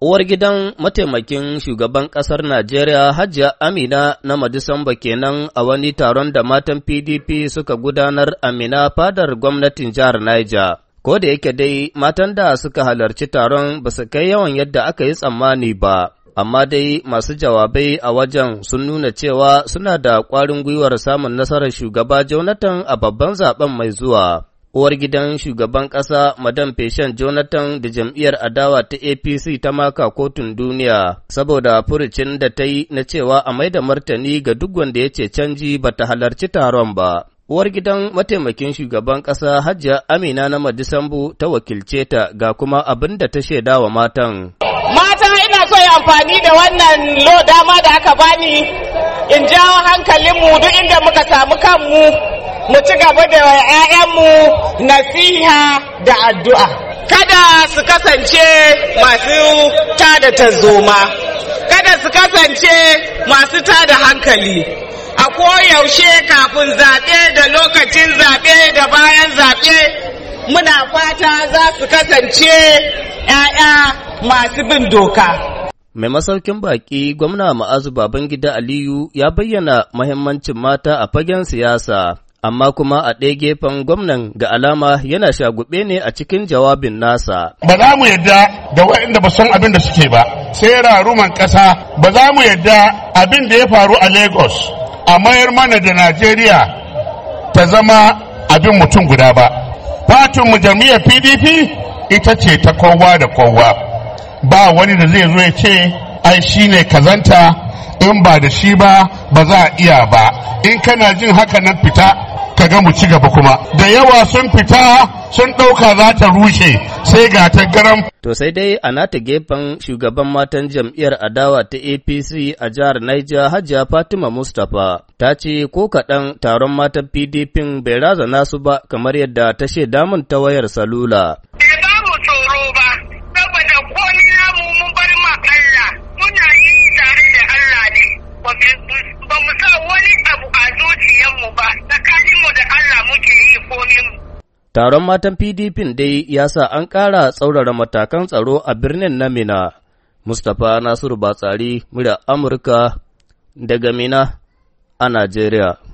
Uwar gidan mataimakin shugaban ƙasar Najeriya Hajiya Amina na Madisamba kenan a wani taron da matan PDP suka gudanar Amina fadar gwamnatin jihar Niger. Ko da yake dai matan da suka halarci taron ba su kai yawan yadda aka yi tsammani ba, amma dai masu jawabai a wajen sun nuna cewa suna da ƙwarin gwiwar samun nasarar shugaba Jonathan a babban zaben mai zuwa. Uwar gidan shugaban ƙasa Madam Feshen Jonathan da jam'iyyar adawa ta APC ta maka kotun duniya saboda furucin da ta yi na cewa a mai da martani ga duk wanda ya ce canji ba ta halarci taron ba. Uwar gidan mataimakin shugaban ƙasa Hajja Amina na Madisambu ta wakilce ta ga kuma abin da ta shaida wa matan. Mata ina so amfani da wannan lo dama da aka bani in jawo hankalinmu duk inda muka samu kanmu mu ci gaba da ‘ya'yanmu nasiha da addu'a. Kada su kasance masu tada tarzoma, kada su kasance masu tada hankali. A koyaushe kafin zaɓe da lokacin zaɓe da bayan zaɓe, muna fata za su kasance ‘ya'ya masu bin doka. Mai masaukin baƙi gwamna ma'azu Babangida Aliyu ya bayyana mahimmancin mata a fagen siyasa amma kuma a ɗaya gefen gwamnan ga alama yana shagube ne a cikin jawabin nasa. Ba za mu yadda da waɗanda ba san abin da suke ba, sai raruman ƙasa ba za mu yadda abin da ya faru a Lagos a mayar mana da Najeriya ta zama abin mutum guda ba. Fatin mu jam'iyyar PDP ita ce ta kowa da kowa. Ba wani da zai zo ya ce ai shi ne kazanta in ba da shi ba ba za a iya ba in kana jin haka nan fita ka ga mu ci gaba kuma da yawa sun fita sun ɗauka za ta rushe sai ga ta garam. To sai dai a nata gefen shugaban matan jam'iyyar adawa ta APC a jihar Niger Hajiya Fatima Mustapha ta ce ko kaɗan taron matan PDP bai razana su ba kamar yadda ta shaida min ta wayar salula. Taron matan PDP dai ya sa an ƙara tsaurara matakan tsaro a birnin na Mina. Mustapha Nasiru Batsari, murya Amurka daga Mina a Najeriya.